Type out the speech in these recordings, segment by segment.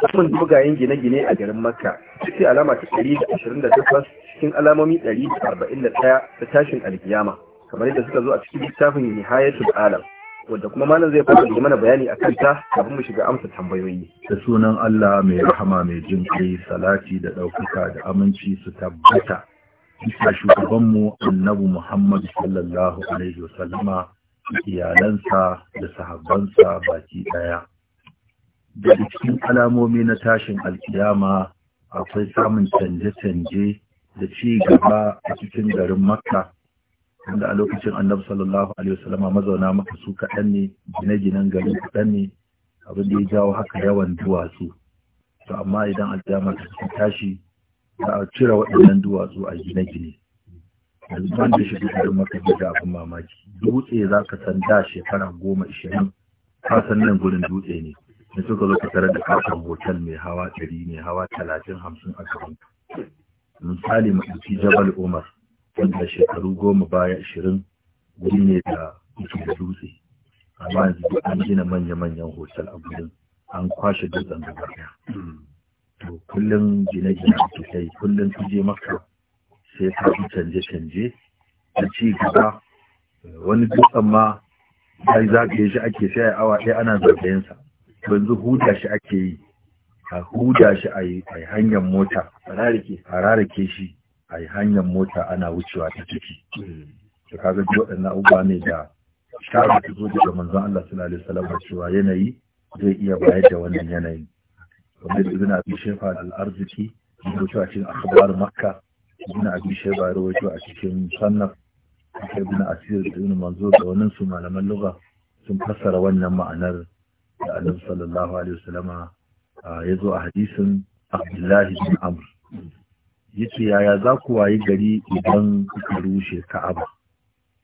samun dogayen gine-gine a garin makka ciki alama ta 128 cikin alamomi 141 ta tashin alkiyama kamar yadda suka zo a cikin littafin nihayatul alam wadda kuma malam zai fara da mana bayani akan ta kafin mu shiga amsa tambayoyi da sunan Allah mai rahama mai jin kai salati da ɗaukaka da aminci su tabbata bisa shugabanmu annabi Muhammad sallallahu alaihi wasallama iyalansa da sahabbansa baki ɗaya. daga cikin alamomi na tashin alkiyama akwai samun canje-canje da ci gaba a cikin garin makka wanda a lokacin annabi sallallahu alaihi wasallam mazauna maka su kaɗan ne gine-ginen garin kaɗan ne abin da ya jawo haka yawan duwatsu to amma idan alkiyama ta tashi za a cire waɗannan duwatsu a gine-gine yanzu ban da shi garin makka da abin mamaki dutse za ka san da shekara goma ishirin ka san nan gurin dutse ne da suka zo ka tare da katon hotel mai hawa ɗari mai hawa talatin hamsin a gaban misali maɗauki jabal umar wanda shekaru goma baya ashirin wuri ne da kuke da dutse amma yanzu duk an gina manya-manyan hotel a gudun an kwashe dutsen da ɗaya to kullum gine-gine ake kai kullum su je maka sai ka fi canje-canje a ci gaba wani dutsen ma ya zagaye shi ake sai awa ɗaya ana zargayensa yanzu huda shi ake yi a huda shi a hanyar mota a rarake shi a yi hanyar mota ana wucewa ta ciki da kaga ji waɗannan abubuwa ne da shara ta zo daga manzon Allah sallallahu alaihi wasallam cewa yanayi zai iya bayar da wannan yanayi kamar da ibn abin shefa al-arziki rubutu a cikin akhbar makka ibn abi shefa rubutu a cikin sannaf ibn asir da ibn manzo da wannan su malaman lugha sun fassara wannan ma'anar da annabi sallallahu alaihi wasallama ya zo a hadisin abdullahi bin amr yace yaya za ku wayi gari idan kuka rushe ka'aba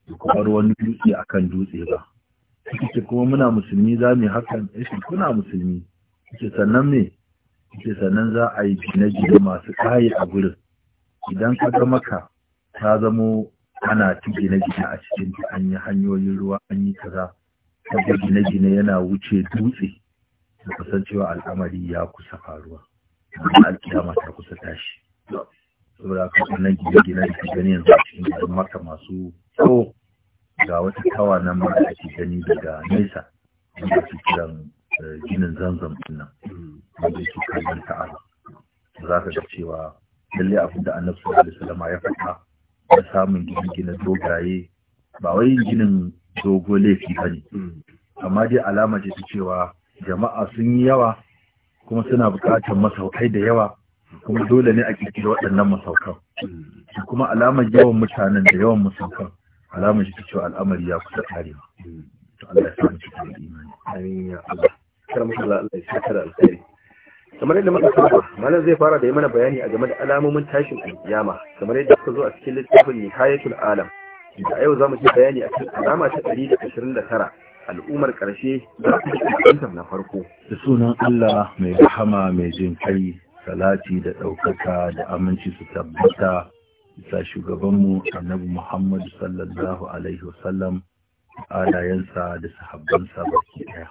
da kuma wani dutse akan dutse ba kike kuma muna musulmi za mu hakan shi kuna musulmi kike sannan me kike sannan za a yi gine-gine masu kayi a gurin idan ka ga maka ta zamo ana ci gine-gine a cikin an yi hanyoyin ruwa an yi kaza da gine-gine yana wuce dutse da kasancewa al'amari ya kusa faruwa alkiyama ta kusa tashi saboda haka nan gine-gine da gani yanzu a cikin garin maka masu tsawo ga wata tawa nan ma da ake gani daga nesa wanda ake kiran eh, ginin zanzan nan wanda yake kallon ta'ala za ka ga cewa lallai abin da annabi sallallahu alaihi wasallam ya faɗa na samun gine-gine dogaye ba wai ginin dogo laifi ba ne hmm. amma dai alama ce ta cewa jama'a sun yi yawa kuma suna buƙatar masaukai da yawa kuma dole ne a kirkiri waɗannan masaukan hmm. kuma alamar yawan mutanen da yawan masaukan alamar shi ta cewa al'amari ya kusa karewa hmm. to Allah ya sami cikin imani amin ya Allah kar mu Allah Allah ya saka da alkhairi kamar yadda muka saba malam zai fara da yi mana bayani a game da alamomin tashin alkiyama kamar yadda suka zo a cikin littafin nihayatul alam da yau za mu ci bayani a cikin alama ta 129 al'ummar ƙarshe za su na farko da sunan Allah mai rahama mai jin kai salati da ɗaukaka da aminci su tabbata bisa shugabanmu annabi Muhammad sallallahu alaihi wasallam alayensa da sahabbansa baki ɗaya.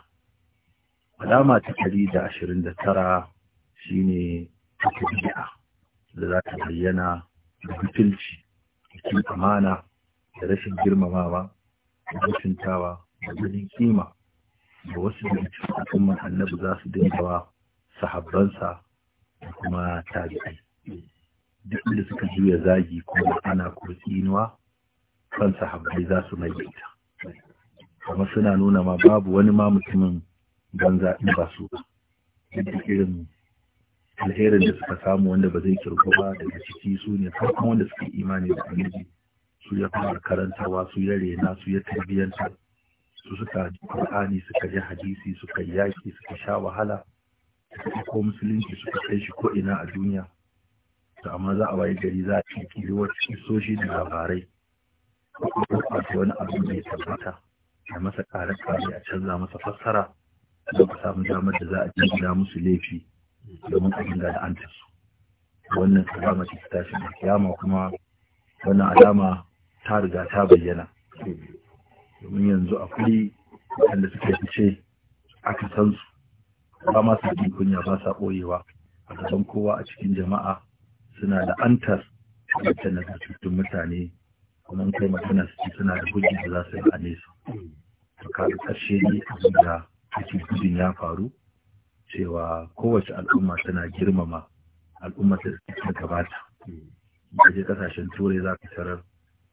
Alama ta ɗari da ashirin da tara da za ta bayyana da mutunci, cikin amana, da rashin girmamawa da mutuntawa da ganin kima da wasu da cikin annabi za su dingawa sahabbansa da kuma tabi'ai duk da suka juya zagi kuma ana ko tsinuwa kan sahabbai za su maimaita kuma suna nuna ma babu wani ma mutumin banza in ba su duk irin alherin da suka samu wanda ba zai kirgo ba daga ciki su ne farkon wanda suka imani da annabi su ya fara karantawa su ya rena su ya tarbiyyanta su suka Qur'ani suka ji hadisi suka yaki suka sha wahala suka ko musulunci suka kai shi ko ina a duniya to amma za a waye gari za a cikin wasu kisoshi da labarai wato wani abu ya tabbata a masa ƙare ƙare a canza masa fassara da ku samu damar da za a gida musu laifi domin a dinga la'antarsu su wannan alama ce ta da kiyama kuma wannan alama ta riga ta bayyana domin yanzu akwai waɗanda suka fice aka san su ba ma su jin kunya ba sa ɓoyewa a gaban kowa a cikin jama'a suna da antar wacce na cutun mutane kuma kai magana su suna da hujji da za su yi a nesa to kaga ƙarshe ne abin da ake gudun ya faru cewa kowace al'umma tana girmama al'ummar da ta gabata. Kaje ƙasashen turai za ka tarar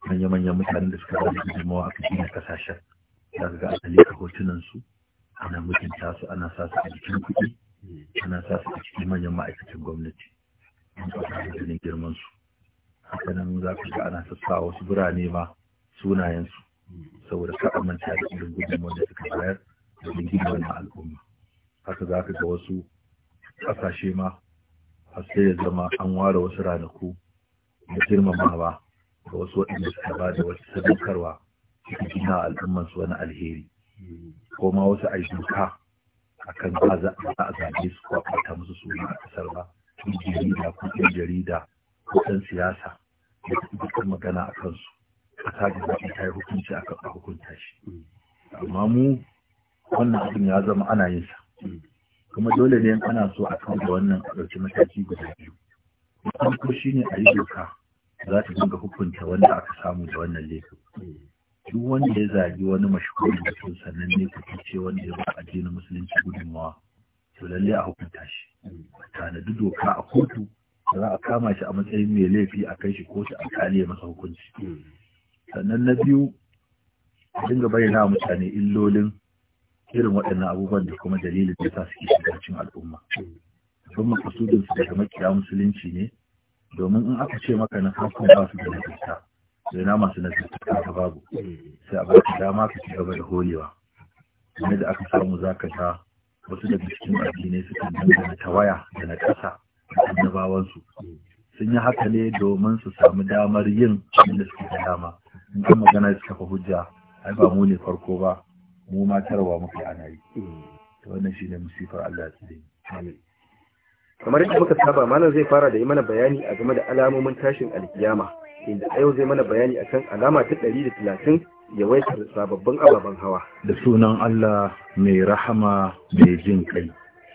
manya-manyan mutane da suka ba da gudunmawa a cikin kasashen za ga asali a hotunan su ana mutunta su ana sa su a cikin kuɗi ana sa su a cikin manyan ma'aikatan gwamnati an ƙasa da ganin girman su haka nan za ka ga ana sassa wasu birane ma sunayensu saboda ka amince da irin gudunmawar da suka bayar da gudunmawar na al'umma haka za ka ga wasu ƙasashe ma har sai ya zama an ware wasu ranaku da girmamawa da wasu waɗanda suka ba da wasu sadaukarwa suka gina al'umman su wani alheri ko ma wasu ayyuka akan ba za a zaɓe su ko a ɓata musu suna a ƙasar ba ko jarida ko ɗan jarida ko ɗan siyasa da dukkan magana a kansu A da zaɓe ta yi hukunci a kan hukunta shi amma mu wannan abin ya zama ana yin sa kuma dole ne ana so a kan da wannan a ɗauki mataki guda biyu farko shine a yi doka za ta dinga hukunta wanda aka samu da wannan laifin duk wanda ya zagi wani mashahuri mutum sannan ne ka ce wanda ya ba addinin musulunci gudunmawa to lallai a hukunta shi tanadi doka a kotu za a kama shi a matsayin mai laifi a kai shi kotu a kaliya masa hukunci sannan na biyu a dinga bayyana mutane illolin irin waɗannan abubuwan da kuma dalilin da sa suke shiga cikin al'umma musamman su daga makiya musulunci ne domin in aka ce maka na farko ba su da nazarta sai na masu nazarta ta babu sai a baka dama ka ci gaba da horewa kuma da aka samu za ka ta wasu daga cikin addinai suka dangana ta waya da na ƙasa da annabawansu sun yi haka ne domin su samu damar yin abinda suke da dama in kan magana suka fa hujja ai ba mu ne farko ba mu matarwa muka ana yi to wannan shine musifar Allah ya tsare amin kamar yadda muka saba malam zai fara da yi mana bayani a game da alamomin tashin alkiyama inda a yau zai mana bayani a kan alama ta ɗari da talatin yawaitar sababbin ababen hawa da sunan Allah mai rahama mai jin kai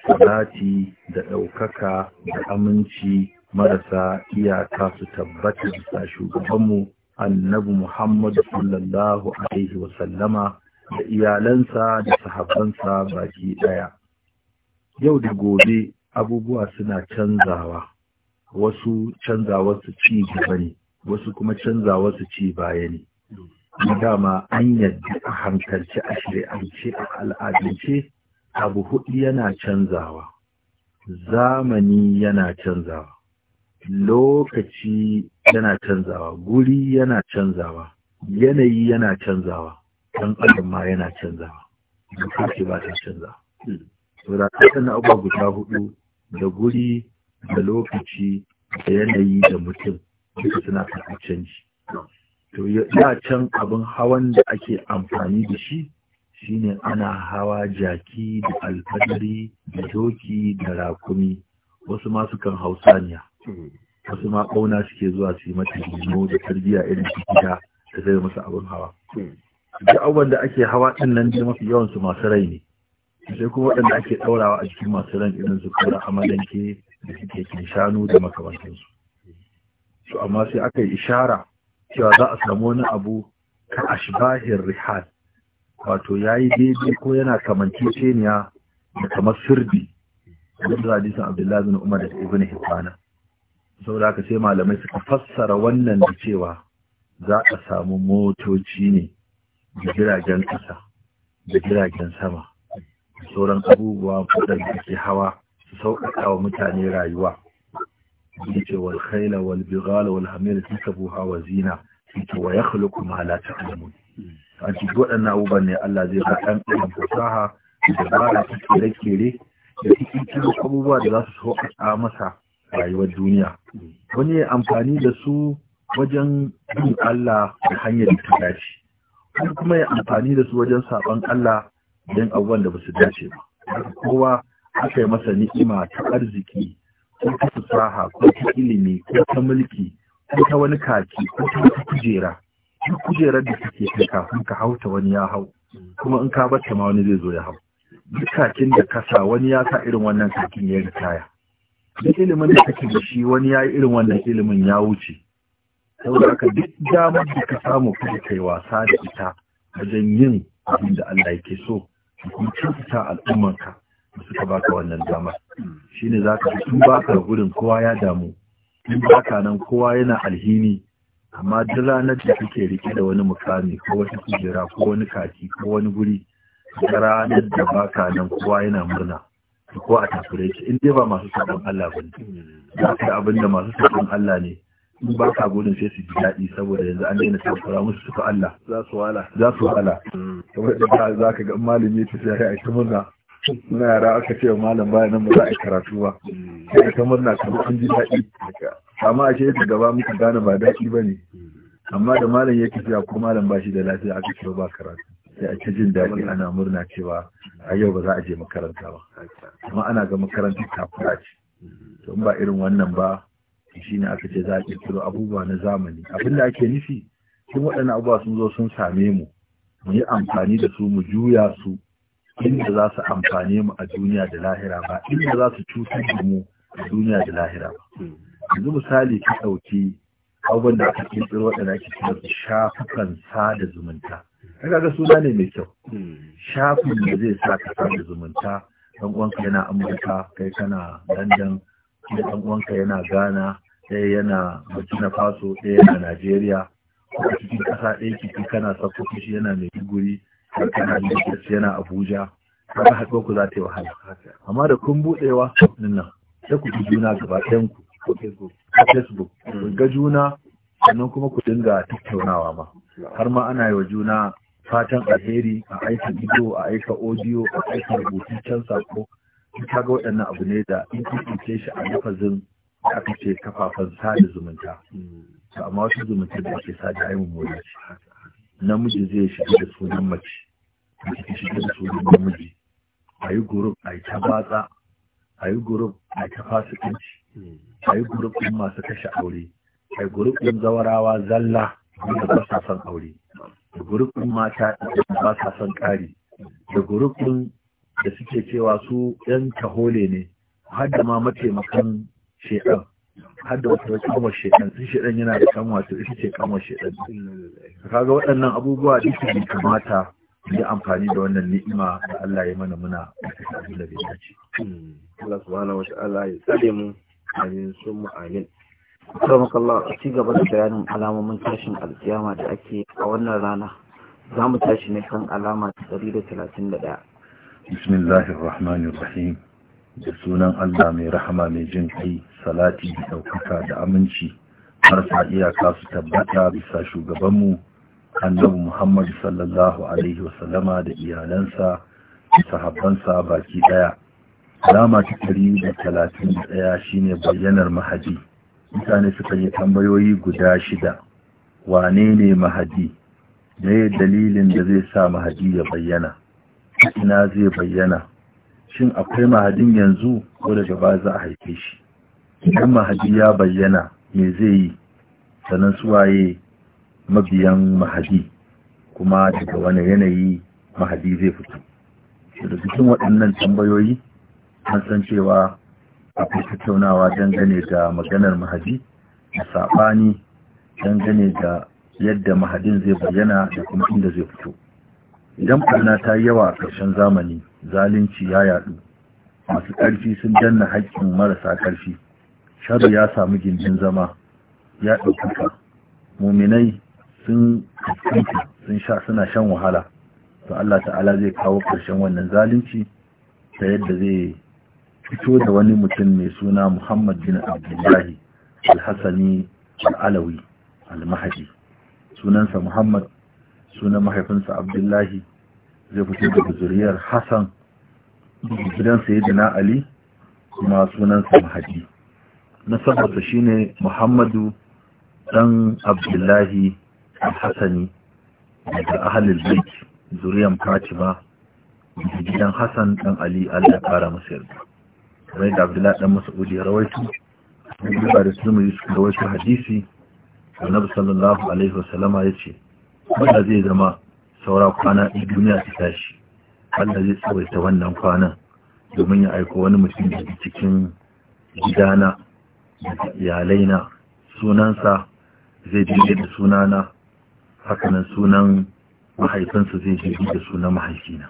salati da ɗaukaka da aminci marasa iyaka su tabbata sa shugabanmu annabi Muhammadu sallallahu alaihi wasallama da iyalansa da sahabbansa baki ɗaya. Yau da gobe abubuwa suna canzawa wasu su ci gaba ne wasu kuma su ci baya ne dama an yadda a hankalci a shari'ance a al'adance abu hudu yana canzawa zamani yana canzawa lokaci yana canzawa guri yana canzawa yanayi yana canzawa dan adam ma yana canzawa da ba ta canzawa hmm. saboda abubuwa guda hudu da guri da lokaci da yanayi da mutum duka suna karɓar canji to ya can abin hawan da ake amfani da shi shine ana hawa jaki da alfadari da doki da rakumi wasu ma kan hau saniya wasu ma ƙauna suke zuwa su yi mata limo da tarbiyya irin su gida da zai masa abin hawa hmm. duk abubuwan da ake hawa ɗin nan da mafi yawan su masu rai ne sai kuma waɗanda ake ɗaurawa a jikin masu ran irin su kura amalanke da suke kin shanu da makamantansu to amma sai aka yi ishara cewa za a samu wani abu ka ashbahin rihal wato ya yi daidai ko yana kamanceceniya da kamar sirbi da hadisin abdullahi bin umar da ibn hibbana saboda haka sai malamai suka fassara wannan da cewa za a samu motoci ne da jiragen ƙasa da jiragen sama sauran abubuwa da ke hawa su sauƙaƙa wa mutane rayuwa yake wal khaila wal bighala wal hamira tikabuha wa zina yake wa yakhluqu ma la ta'lamun a cikin waɗannan abubuwan ne Allah zai ba ɗan ɗan fasaha da ba ta kere-kere da cikin abubuwa da za su sauƙaƙa masa rayuwar duniya wani ya amfani da su wajen bin Allah da hanyar da ta dace kuma ya amfani da su wajen saɓon Allah don abubuwan da ba su dace ba kowa aka yi masa ni'ima ta arziki ko ta fasaha ko ta ilimi ko ta mulki ko ta wani kaki ko ta wata kujera duk kujerar da kake kai kafin ka hauta wani ya hau kuma in ka bata ma wani zai zo ya hau duk kakin da ka sa wani ya sa irin wannan kakin ya ritaya duk ilimin da kake da shi wani ya yi irin wannan ilimin ya wuce saboda haka duk damar da ka samu kuma kai wasa da ita wajen yin abin da Allah yake so da kuma kyautata al'ummarka da suka baka wannan dama hmm. za ka fi tun baka gurin kowa ya damu Tun baka nan kowa yana alhini amma duk ranar da kake rike da wani mukami ko wata kujera ko wani kaki ko wani guri da ranar da baka nan kowa yana murna ko a tafiye in dai ba masu sabon Allah bane hmm. za ka abin da masu sabon Allah ne in ba ka gudun sai su ji daɗi saboda yanzu an daina takura musu suka Allah za su wala za su wala mm. kamar da za ka ga malami ta sai ya ta murna muna yara aka ce wa malam baya nan ba za a yi karatu ba mm. sai ta murna kamar an ji daɗi amma a ce yadda gaba muka gane ba daɗi ba ne mm. amma da malam yake tafiya ko malam ba shi da lafiya aka ce ba karatu sai a jin daɗi ana murna cewa a yau ba za a je makaranta ba amma ana ga makarantar takura ce to ba irin wannan ba shi ne aka ce za a ƙirƙiro abubuwa na zamani abinda ake nufi tun waɗannan abubuwa sun zo sun same mu mu yi amfani da su mu juya su inda za su amfane mu a duniya da lahira ba inda za su cutar da mu a duniya da lahira ba yanzu misali ka ɗauki abubuwan da aka ƙirƙiro waɗanda ake kira su shafukan sada zumunta kaga ga suna ne mai kyau shafin da zai sa ka sada zumunta ɗan uwanka yana amurka kai kana london dan uwanka yana ghana ɗaya yana burkina faso ɗaya yana najeriya a cikin ƙasa ɗaya kiki kana sako shi yana maiduguri har kana lagos yana abuja kaga haɗo ku za ta yi wahala amma da kun buɗewa nan sai ku ji juna gaba ɗayan ku a facebook mm. ku ga juna sannan kuma ku dinga tattaunawa ma har ma ana yi wa juna fatan alheri a aika bidiyo a aika audio a aika rubutun can sako kaga waɗannan abu ne da in kun shi a lafazin aka ce kafafen sada zumunta to amma wata zumunta da ake sada ai mummuna ce namiji zai shiga da sunan mace mace shiga da sunan namiji a yi gurup a yi ta batsa a yi gurup a yi ta fasikanci a yi gurup ɗin masu kashe aure a yi gurup ɗin zawarawa zalla da ba sa son aure da gurup ɗin mata ba sa son ƙari da gurup ɗin da suke cewa su ƴan tahole ne har da ma mataimakan shedan har da wata kamar shedan sun shedan yana da kama to ita ce kamar shedan kaga waɗannan abubuwa duka bai kamata yi amfani da wannan ni'ima da Allah ya mana muna a abin da bai dace Allah subhanahu wata'ala ya tsare mu amin sun mu amin Sauran Allah a ci gaba da bayanin alamomin tashin alkiyama da ake a wannan rana za mu tashi ne kan alama ta 131 Bismillahirrahmanirrahim da sunan Allah mai rahama mai jin kai salati da ɗaukaka da aminci marasa iyaka su tabbata bisa shugabanmu annabi Muhammad sallallahu alaihi wasallama da iyalansa da sahabbansa baki ɗaya. Alama ta ɗari da talatin da ɗaya shine bayyanar mahadi. Mutane suka yi tambayoyi guda shida. Wane ne mahadi? Me dalilin da zai sa mahadi ya bayyana? Ina zai bayyana? shin akwai mahadin yanzu ko daga ba za a haife shi idan mahadi ya bayyana me zai yi sannan suwaye mabiyan mahadi kuma daga wani yanayi mahadi zai fito da cikin waɗannan tambayoyi an san cewa akwai tattaunawa dangane da maganar mahadi a saɓani dangane da yadda mahadin zai bayyana da kuma inda zai fito idan ɓarna ta yawa a ƙarshen zamani zalunci ya yadu masu ƙarfi sun danna haƙƙin marasa ƙarfi sharu ya samu gindin zama ya ka muminai sun sun sha suna shan wahala to Allah ta'ala zai kawo ƙarshen wannan zalunci ta yadda zai fito da wani mutum mai suna Muhammad bin Abdullahi al-Hassani al-Alawi al-Mahdi sunansa Muhammad sunan mahaifinsa Abdullahi zai fito daga zuriyar hassan gidansa ali kuma sunansa mahadi nasabarsa shine muhammadu dan abdullahi hassani daga ahalil zuriyar fatima daga gidan hassan dan ali allah kara yarda rai da abdullahi dan rawaitu da sulmi rawaitu hadisi annabi sallallahu alaihi wasallama yace wanda zai zama saura kwana ɗin duniya ta tashi Allah zai tsawaita wannan kwanan domin ya aiko wani mutum da cikin gidana da iyalaina sunansa zai daidai da sunana hakanan sunan mahaifinsa zai daidai da sunan mahaifina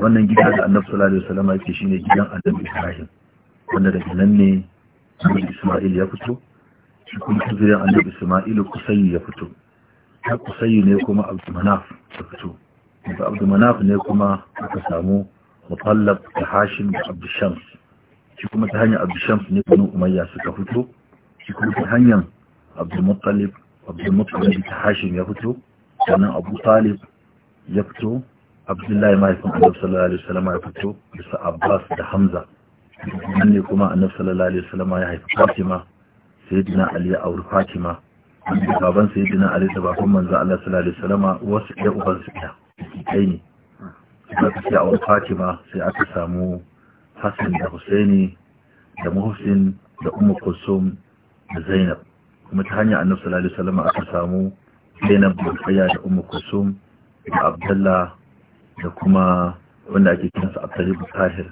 wannan gida da annabi sallallahu alaihi wasallam yake shine gidan annabi Ibrahim wanda daga nan ne Isma'il ya fito shi kuma zuriyar annabi Isma'il kusayi ya fito na kusayi ne kuma abdumanaf ta fito daga abdumanaf ne kuma aka samu mutallab da hashim da abdushams shi kuma ta hanyar abdushams ne banu umayya suka fito shi kuma ta hanyar abdulmuttalib abdulmuttalib ta hashim ya fito sannan abu talib ya fito abdullahi mahaifin annabi sallallahu alaihi wasallam ya fito bisa abbas da hamza Wannan ne kuma annabi sallallahu alaihi wasallam ya haifi fatima sayyidina ali ya auri fatima sai dina a ali ba kuma manzo Allah sallallahu alaihi wasallama wasu da uban su da kai ne ka ce a wani fatima sai aka samu hassan da husaini da muhsin da ummu kulsum da zainab kuma ta hanyar annabi sallallahu alaihi wasallama aka samu zainab da tsaya da ummu kulsum da abdullah da kuma wanda ake kiransa abdullah tahir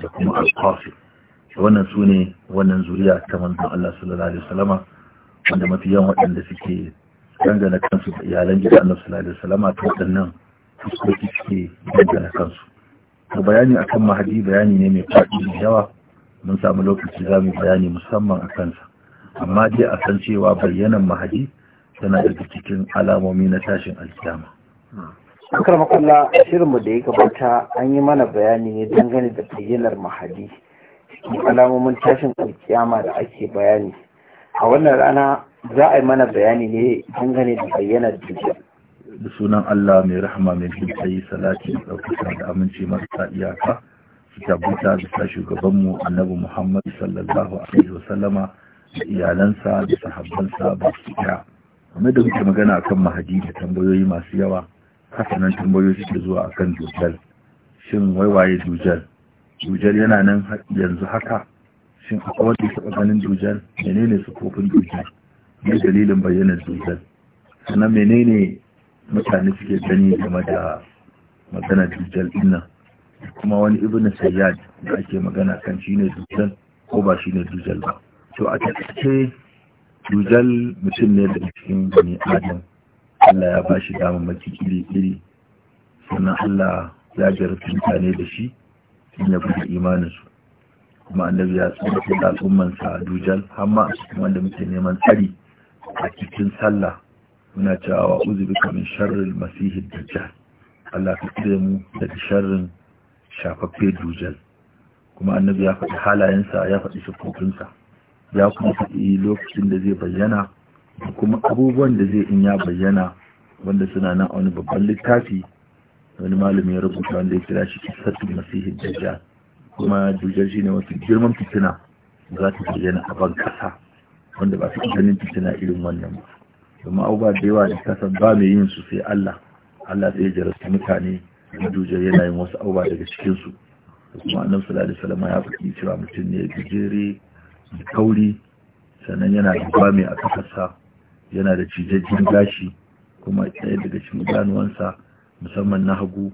da kuma al-qasim wannan su ne wannan zuriya ta manzon Allah sallallahu alaihi wasallama wanda mafi yawan waɗanda suke dangana kansu da iyalan gida annabi sallallahu alaihi wasallam ta waɗannan fuskoki suke dangana kansu to bayani akan mahadi bayani ne mai faɗi da yawa mun samu lokaci za mu bayani musamman a kansa amma dai a san cewa bayyanan mahadi tana daga cikin alamomi na tashin alkiyama akar shirin shirinmu da ya gabata an yi mana bayani ne dangane da bayyanar mahadi cikin alamomin tashin alkiyama da ake bayani a wannan rana za a yi mana bayani ne dangane da bayyanar dukiya da sunan Allah mai rahama mai jinkai salati da ɗaukaka da aminci marasa iyaka su tabbata da sa shugabanmu annabi Muhammad sallallahu alaihi wasallama da iyalansa da sahabbansa ba su ɗaya kamar da muke magana akan mahadi da tambayoyi masu yawa kasanan tambayoyi suke zuwa akan dujjal shin waiwaye dujal dujal yana nan yanzu haka shin akwai wanda su a ganin dujal menene kofin dujar ne dalilin bayyanar dujal sannan menene mutane suke gani game da magana dujal dinnan kuma wani ibn sayyad da ake magana kan shi ne dujal ko ba shi ne dujal ba to a taƙaice dujal mutum ne da cikin bani adam Allah ya ba shi maki iri-iri sannan Allah ya jarabta mutane da shi sun ya imanin imaninsu kuma annabi ya tsoratar da al'ummansa a dujal har ma a wanda muke neman tsari a cikin sallah muna cewa uzubika min sharril masihid dajjal Allah ka tsire mu daga sharrin shafaffe dujal kuma annabi ya faɗi halayensa ya faɗi sufofinsa ya kuma faɗi lokacin da zai bayyana kuma abubuwan da zai in ya bayyana wanda suna nan a wani babban littafi wani malami ya rubuta wanda ya kira shi kisatul masihid dajjal kuma jujjar shi ne mafi girman fitina za ta bayyana a ban kasa wanda ba su ganin fitina irin wannan ba domin abubuwa da yawa da kasan ba mai yin su sai Allah Allah sai ya su mutane da jujjar yana yin wasu abubuwa daga cikinsu. su kuma annabi sallallahu alaihi wasallam ya faɗi cewa mutum ne gajere da kauri sannan yana da mai a kasarsa yana da cijajjen gashi kuma ɗaya daga cikin ganuwansa musamman na hagu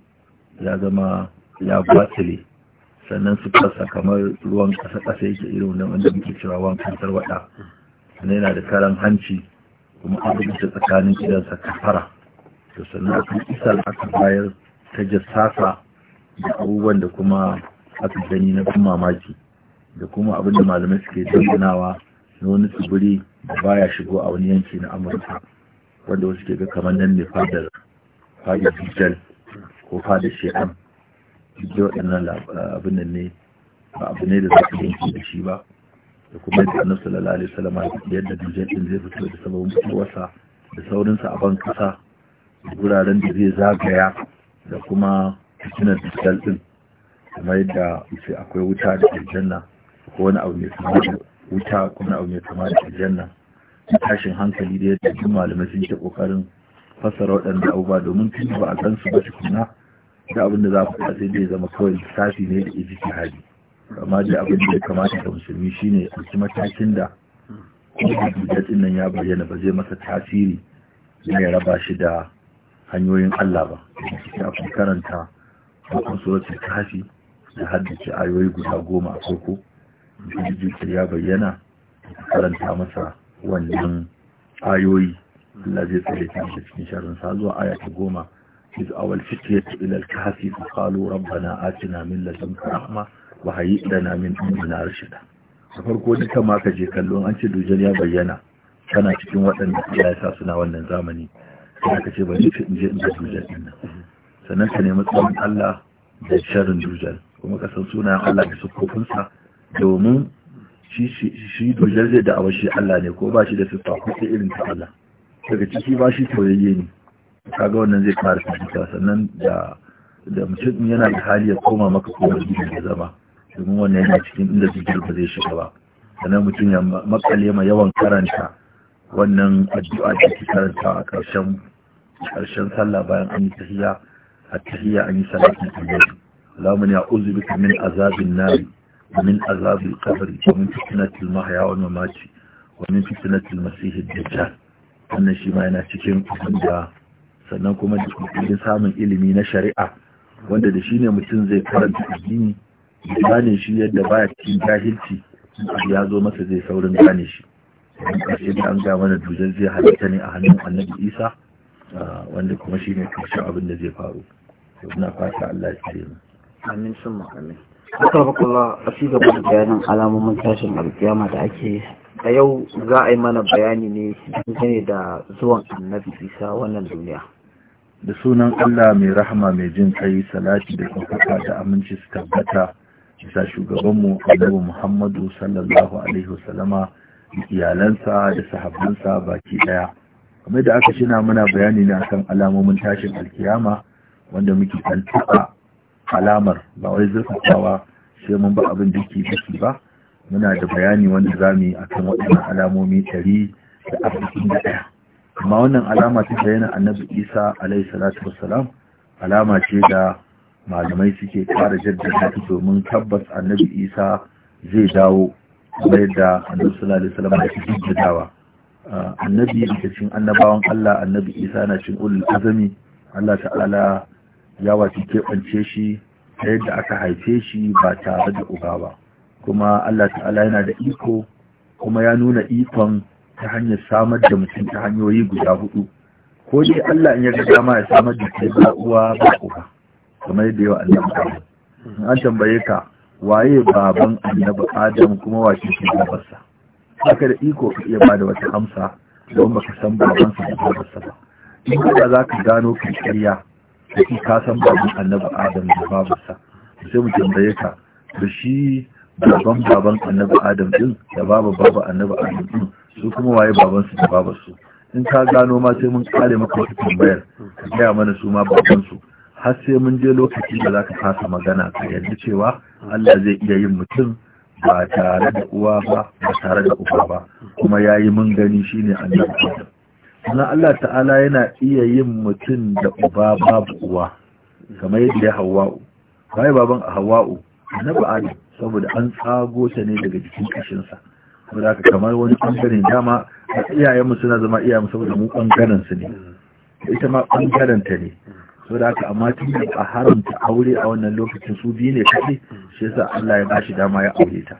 ya zama ya batsile sannan su kasa kamar ruwan kasa kasa yake irin wannan wanda muke cewa wankan waɗa. sannan yana da karan hanci kuma an rubuta tsakanin idansa kafara to sannan akwai isar aka bayar ta jassasa da abubuwan da kuma aka gani na kuma mamaki da kuma abin da malamai suke danganawa na wani tsibiri da baya shigo a wani yanki na amurka wanda wasu ke ga kamar nan ne fadar fadar ko fadar shekaru da waɗannan abin nan ne ba abu ne da za ka yanki da shi ba da kuma yadda annabi sallallahu alaihi wasallam yadda dujjan din zai fito da sabon fitowarsa da saurinsa a ban kasa da guraren da zai zagaya da kuma fitinar dujjal din kamar yadda ce akwai wuta da aljanna ko wani abu mai kama da wuta ko wani abu mai kama da aljanna tashin hankali da yadda duk malamai sun yi ta kokarin fassara waɗanda abubuwa domin tun ba a gansu ba tukuna da abin da za ku faɗa sai zai zama kawai lissafi ne da ke hali amma dai abin da ya kamata da musulmi shine a matakin da kuma da nan ya bayyana ba zai masa tasiri ya ya raba shi da hanyoyin Allah ba fi karanta kan suratul tafi da haddace ayoyi guda goma a koko jikir ya bayyana karanta masa wannan ayoyi Allah zai tsare ta cikin sharin sa zuwa aya goma إذ أوى الفتية إلى الكهف فقالوا ربنا آتنا من لدنك رحمة وهيئ لنا من رشدا duka ma ka je kallon an ce dujan ya bayyana kana cikin waɗanda ya yasa suna wannan zamani sai ka ce ba ni in je in ga dujan din nan sannan ka nemi tsaron Allah da sharrin dujan san Allah domin shi dujan zai da awashi Allah ne ko ba shi da siffa ko irin ta Allah daga ciki ba shi soyayye ne kaga wannan zai fara fahimta sannan da mutum yana da hali ya koma maka koma gidan da zama domin wannan yana cikin inda zikir ba zai shiga ba sannan mutum ya makale ma yawan karanta wannan addu'a da ke karanta a ƙarshen ƙarshen sallah bayan an yi tahiyya a tahiyya an yi salatin annabi Allahumma ya uzu bika min azabin nari min azabil qabri wa min fitnatil mahya wal mamati wa min fitnatil masiihid dajjal wannan shi ma yana cikin abin da sannan kuma da samun ilimi na shari'a wanda da shi ne mutum zai karanta addini gane shi yadda baya cikin jahilci ya zo masa zai saurin gane shi in da an gama da dujar zai halitta ne a hannun annabi isa wanda kuma shi ne karshen abin da zai faru ina fata Allah ya tsare amin sun amin Akarbakullah a ci gaba da bayanin alamomin tashin alkiyama da ake a yau za a yi mana bayani ne dangane da zuwan annabi isa wannan duniya. Da sunan Allah mai rahama mai jin kai salati da kwakwaka da aminci su tabbata bisa shugabanmu annabi Muhammadu sallallahu alaihi wasallama da iyalansa da sahabbansa baki daya. Kamar da aka shina muna bayani ne akan alamomin tashin alkiyama wanda muke kan alamar ba wai zurfafawa sai mun ba abin jiki jiki ba muna da bayani wanda za mu yi a kan waɗannan alamomi ɗari da arzikin da ɗaya amma wannan alama ta bayanin annabi isa alaihi salatu wassalam alama ce da malamai suke ƙara jaddada ta domin tabbas annabi isa zai dawo kamar yadda annabi sallallahu alaihi wasallam ya jaddadawa annabi da cin annabawan Allah annabi isa na cin ulul azami Allah ta'ala ya wato keɓance shi ta yadda aka haife shi ba tare da uba ba kuma Allah ta'ala yana da iko kuma ya nuna ikon ta hanyar samar da mutum ta hanyoyi guda hudu ko dai Allah in ya ga dama ya samar da kai ba uwa ba uba kamar yadda yawa annabi Adam in an tambaye ka waye baban annabi Adam kuma wace ke babarsa haka da iko ka iya da wata amsa don baka san babansa da babarsa ba in ka za ka gano kai karya kake ka san baban annabi adam da babarsa sai mu tambaye ka da shi baban baban annabi adam din da baba baba annabi adam din su kuma waye babansu da babar in ka gano ma sai mun kare maka wata tambayar ka gaya mana su ma baban har sai mun je lokaci da ka fasa magana ka yarda cewa Allah zai iya yin mutum ba tare da uwa ba ba tare da uba ba kuma yayi mun gani shine annabi adam sannan Allah ta'ala yana iya yin mutum da uba babu uwa kamar yadda ya hawa'u bai baban a hawa'u na ba'ali saboda an tsago ta ne daga jikin kashinsa saboda haka kamar wani ɓangare dama a iyayenmu suna zama iyayenmu saboda mu ɓangaren su ne ita ma ɓangaren ta ne saboda haka amma tun da a haramta aure a wannan lokacin su biyu ne kaɗai shi yasa Allah ya bashi dama ya aure ta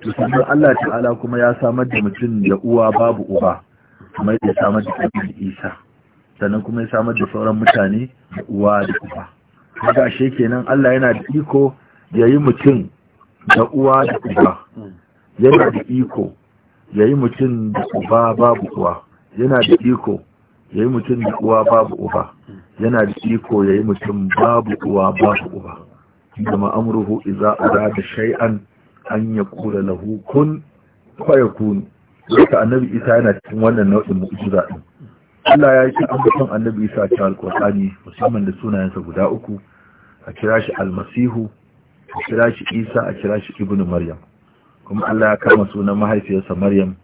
to sannan Allah ta'ala kuma ya samar da mutum da uwa babu uba kamar da samar da ƙarfin isa sannan kuma ya samar da sauran mutane da uwa da kuma kaga ashe kenan Allah yana da iko ya yi mutum da uwa da kuma yana da iko ya yi mutum da uba babu uwa yana da iko ya yi mutum da uwa babu uba yana da iko ya yi mutum babu uwa babu uba kuma amruhu iza arada shay'an an yaqula lahu kun fayakun duka annabi isa yana cikin wannan nau'in mu'jiza din Allah ya yi ambaton annabi isa a cikin alkur'ani musamman da sunayensa guda uku a kira shi almasihu a kira shi isa a kira shi ibnu maryam kuma Allah ya kama sunan mahaifiyarsa maryam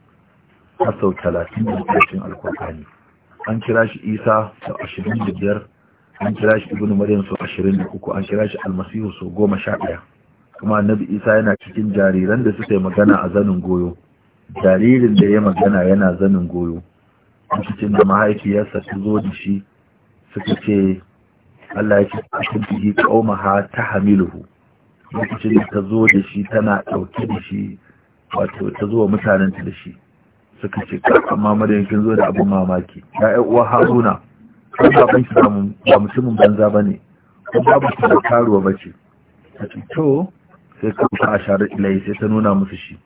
har sau talatin da cikin alkur'ani an kira shi isa sau ashirin da biyar an kira shi ibnu maryam sau ashirin da uku an kira shi almasihu sau goma sha ɗaya kuma annabi isa yana cikin jariran da suka yi magana a zanin goyo jaririn da ya magana yana zanin goyo cikin da mahaifiyarsa ta zo da shi suka ce Allah ya ce a cikin ha ta hamiluhu lokacin da ta zo da shi tana ɗauke da shi wato ta zo mutanen da shi suka ce amma madan zo da abin mamaki ya yi uwa haruna kan kafin samu ba mutumin banza bane ne ba babu ta karuwa ba ta ce sai ka a share ilai sai ta nuna musu shi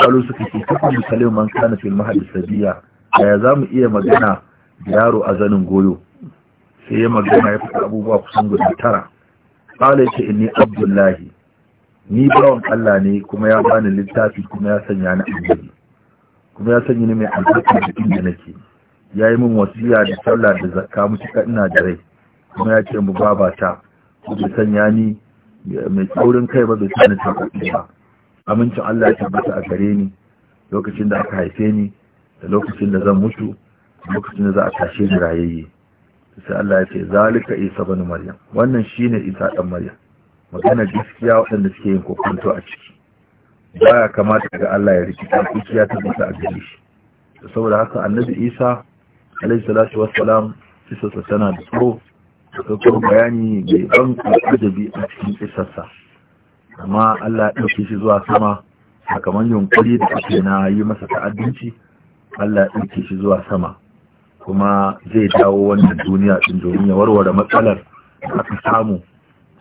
kalu suka ce kafin da man kana fil mahadi sabiya yaya za mu iya magana da yaro a zanin goyo sai ya magana ya fita abubuwa kusan guda tara kala inni abdullahi ni bawan Allah ne kuma ya bani littafi kuma ya sanya ni annabi kuma ya sanya ni mai albarka da inda nake ya yi min wasiya da sallah da zakka mutuka ina da rai kuma ya ce mu babata bai sanya ni mai tsaurin kai ba bai sani ta ba amincin Allah ya tabbata a gare ni lokacin da aka haife ni da lokacin da zan mutu lokacin da za a tashe ni rayayye sai Allah ya ce zalika isa bani maryam wannan shine isa dan maryam magana gaskiya waɗanda suke yin kokonto a ciki baya kamata ga Allah ya rikita kuciya ta bisa a gare shi saboda haka annabi isa alaihi salatu wassalam kisarsa tana da tsoro da bayani mai ban ajabi a cikin isarsa. amma Allah ya ɗauke shi zuwa sama sakamakon yunkuri da ake na yi masa ta'addanci Allah ya ɗauke shi zuwa sama kuma zai dawo wannan duniya ɗin domin ya warware matsalar da aka samu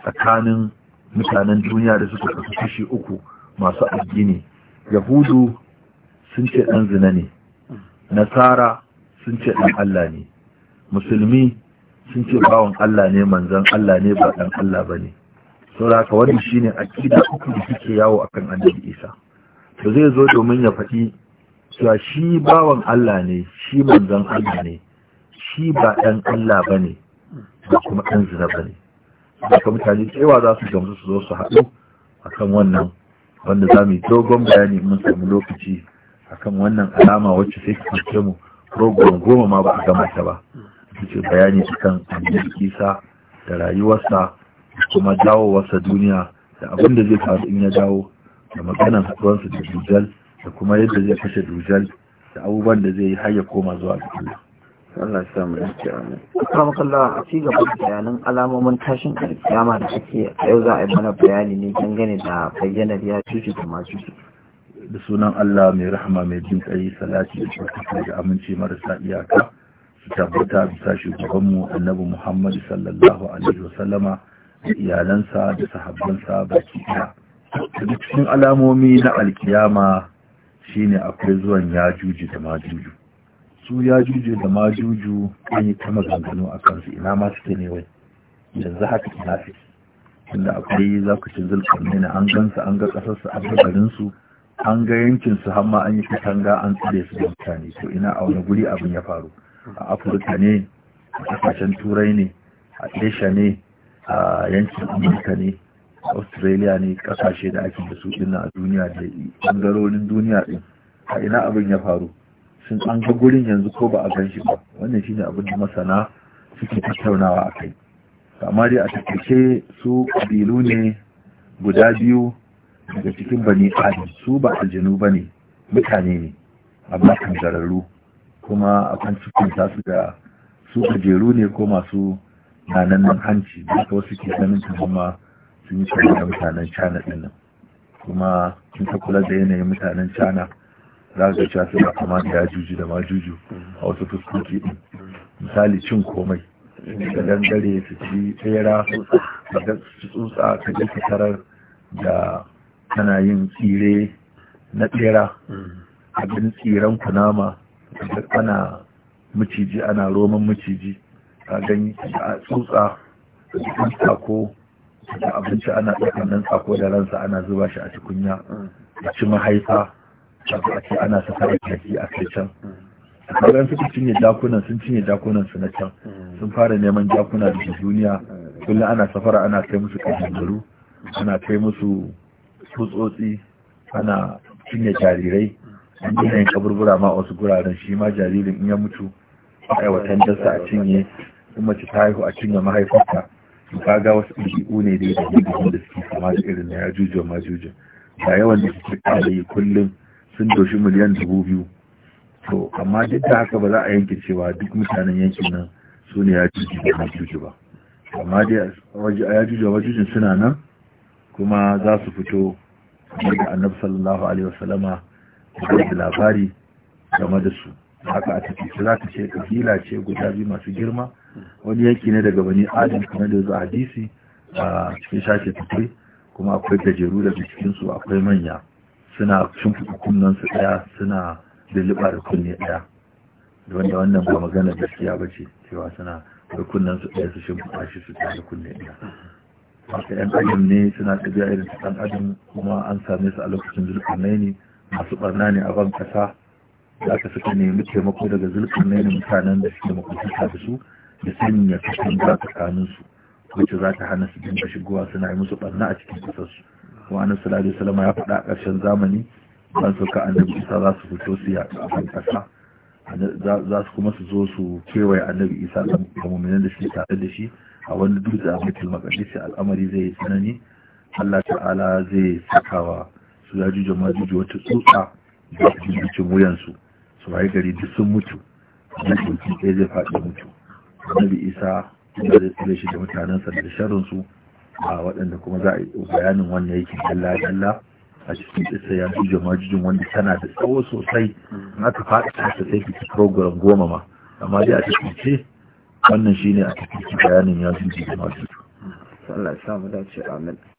tsakanin mutanen duniya da suka kasu kashi uku masu addini yahudu sun ce ɗan zina ne nasara sun ce ɗan Allah ne musulmi sun ce bawan Allah ne manzan Allah ne ba ɗan Allah ba ne saboda ka wannan shine aqida uku da suke yawo akan annabi Isa to zai zo domin ya faɗi cewa shi bawan Allah ne shi manzan Allah ne shi ba ɗan Allah bane ba kuma ɗan zina bane haka mutane cewa za su gamsu su zo su haɗu akan wannan wanda za mu yi dogon bayani mun samu lokaci akan wannan alama wacce sai kwanke mu rogon goma ma ba a gamata ba ce bayani akan annabi isa da rayuwarsa kuma wasa duniya da abin da zai faru in ya dawo da maganan haɗuwarsa da dujal da kuma yadda zai kashe dujal da abubuwan da zai yi koma zuwa ga Allah Allah ya samu lafiya amin kuma kallah a ci gaba da bayanan alamomin tashin kiyama da ake a yau za a yi mana bayani ne dangane da bayyanar ya cuci da masu da sunan Allah mai rahama mai jin kai salati da da aminci marasa iyaka su tabbata bisa shugabanmu annabi Muhammad sallallahu alaihi sallama da iyalansa da sahabbansa baki ɗaya daga cikin alamomi na alkiyama shine akwai zuwan yajuju da majuju su yajuju da majuju an yi ta maganganu a kansu ina ma suke ne wai yanzu haka ina fi inda akwai za ci zulkarni na an gansa an ga ƙasarsu an ga garinsu an ga yankinsu har an yi katanga an tsire su da mutane to ina a wani guri abin ya faru a afirka ne a ƙasashen turai ne a asia ne a yankin amurka ne australia ne kasashe da ake da su din a duniya da ɓangarorin duniya ɗin. a ina abin ya faru sun an ga gurin yanzu ko ba a gan shi ba wannan shine abin da masana suke tattaunawa a kai amma dai a tattake su kabilu ne guda biyu daga cikin bani adam su ba aljanu ba ne mutane ne amma kangararru kuma akan kan cikin tasu da su kajeru ne ko masu Mutanen nan hanci da wasu ke ganin ta kuma sun yi kula da mutanen cana din nan kuma sun ta kula da yanayin mutanen cana za ga cewa su da kama da juju da majuju a wasu fuskoki din misali cin komai da dangare su ci tsera su tsutsa ka ji ka tarar da tana yin tsire na tsera abin tsiren kunama da ana maciji ana roman maciji ta ganyi da tsutsa da cikin sako da abinci ana ɗaukar nan sako da ransa ana zuba shi a tukunya da ci mahaifa shafi ake ana ana safar jaki a kai can sauran suka cinye dakunan sun cinye dakunan su na can sun fara neman jakuna da duniya kullum ana safara ana kai musu kajangaru ana kai musu tsutsotsi ana cinye jarirai an gina yin kaburbura ma wasu guraren shi ma jaririn in ya mutu Aiwatan watan dasa a cinye in mace ta haihu a cinye mahaifarta ka ga wasu ɗabi'u ne da yadda da suke kama da irin na ma jujuwa da yawan da suke kada yi kullum sun doshi miliyan dubu biyu to amma duk da haka ba za a yanke cewa duk mutanen yankin nan su ne yajujuwa majujuwa ba amma dai a ma jujuwa suna nan kuma za su fito daga annabi sallallahu alaihi wasallama da labari game da su haka a tafi za ta ce kabila ce guda biyu masu girma wani yanki ne daga bani adam kuma da zuwa hadisi a cikin shafi tukai kuma akwai gajeru daga cikinsu akwai manya suna cin kunnen su daya suna lulluɓa da kunne daya. da wanda wannan ba magana gaskiya ba ce cewa suna da kunnen su daya, su shimfiɗa shi su da kunne daya. masu yan adam ne suna tafiya irin su ɗan adam kuma an same su a lokacin zulkarnai ne masu barna ne a ban kasa da aka suka nemi taimako daga zulkarnai ne mutanen da suke ta da su da sanya tsakanin tsakaninsu wacce za ta hana su dinga shigowa suna yi musu barna a cikin kasarsu wa annabi sallallahu alaihi wasallam ya faɗa a ƙarshen zamani ban so ka annabi isa za su fito su ya kan kasa za su kuma su zo su kewaye annabi isa da muminan da suke tare da shi a wani dutse a baitul maqdis al'amari zai yi tsanani Allah ta'ala zai sakawa su ya juju ma wata tsutsa da cikin wuyansu su hayi gari duk sun mutu duk sun ɗaya zai faɗi mutu annabi isa da zai tsire shi da mutanensa da su a waɗanda kuma za a yi bayanin wannan yake dalla dalla a cikin tsitsa ya fi jama'a wanda tana da tsawo sosai in aka faɗi ta sai ki program goma ma amma dai a cikin ce wannan shine a cikin bayanin ya fi jama'a jujun Allah ya samu